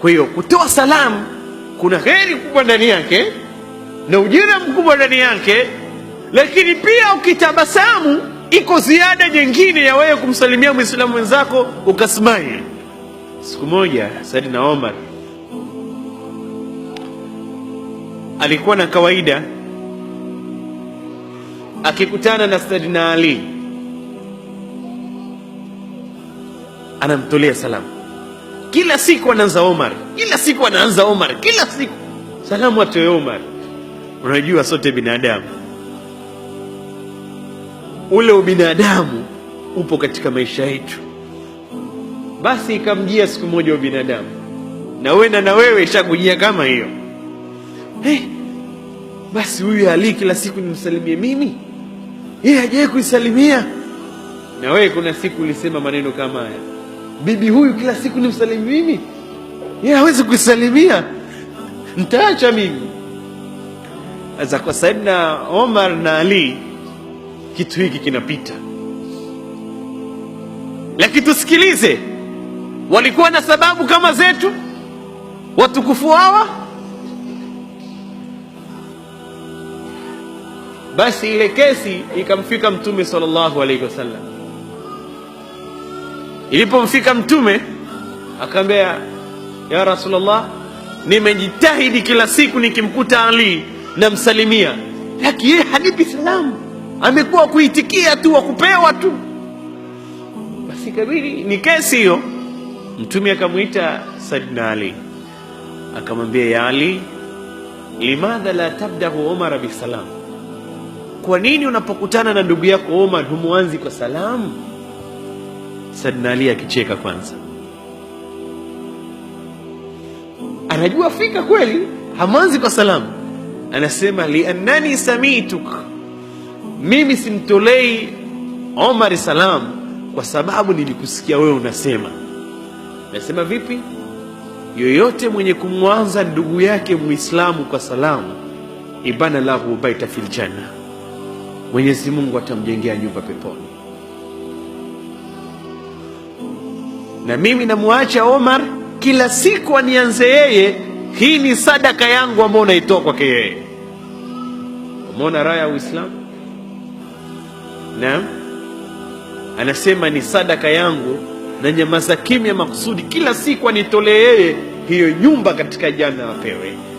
Kwa hiyo kutoa salamu kuna heri kubwa ndani yake na ujira mkubwa ndani yake, lakini pia ukitabasamu, iko ziada nyingine ya wewe kumsalimia mwislamu mwenzako ukasimaye Siku moja Saidina Omar alikuwa na kawaida akikutana na Saidina Ali anamtolea salamu kila siku anaanza Omar, kila siku anaanza Omar, kila siku salamu atoe Omar. Unajua sote binadamu, ule ubinadamu upo katika maisha yetu. Basi ikamjia siku moja ubinadamu, na wena na wewe ishakujia kama hiyo hey. Eh, basi huyu Ali kila siku nimsalimie mimi, yeye hajawahi kuisalimia. Na wewe kuna siku ulisema maneno kama haya bibi huyu kila siku ni mimi, ye hawezi kusalimia, ntaacha mimi. aza kwa Saidna Omar na Ali kitu hiki kinapita, lakini tusikilize, walikuwa na sababu kama zetu watukufu hawa. Basi ile kesi ikamfika Mtume sallallahu alaihi wasallam Ilipomfika Mtume akaambia, ya Rasulullah, nimejitahidi kila siku nikimkuta Ali namsalimia, lakini yeye hanipi salamu, amekuwa kuitikia tu, wakupewa tu. Basi kabidi ni kesi hiyo. Mtume akamwita Saidina Ali akamwambia, ya Ali, limadha la tabdahu Umara bisalam, kwa nini unapokutana na ndugu yako Omar humuanzi kwa salamu? Sardinali akicheka kwanza, anajua fika kweli, hamwanzi kwa salamu. Anasema liannani samituk, mimi simtolei Omari salamu kwa sababu nilikusikia wewe unasema. Nasema vipi? Yoyote mwenye kumwanza ndugu yake Muislamu kwa salamu, ibana lahu baita fil janna, Mwenyezi Mungu atamjengea nyumba peponi. na mimi namwacha Omar kila siku anianze yeye. Hii ni sadaka yangu ambayo naitoa kwake yeye. Umeona raya ya Uislamu? Naam, anasema ni sadaka yangu na nyamaza kimya makusudi, kila siku anitolee yeye hiyo nyumba katika jana apewe.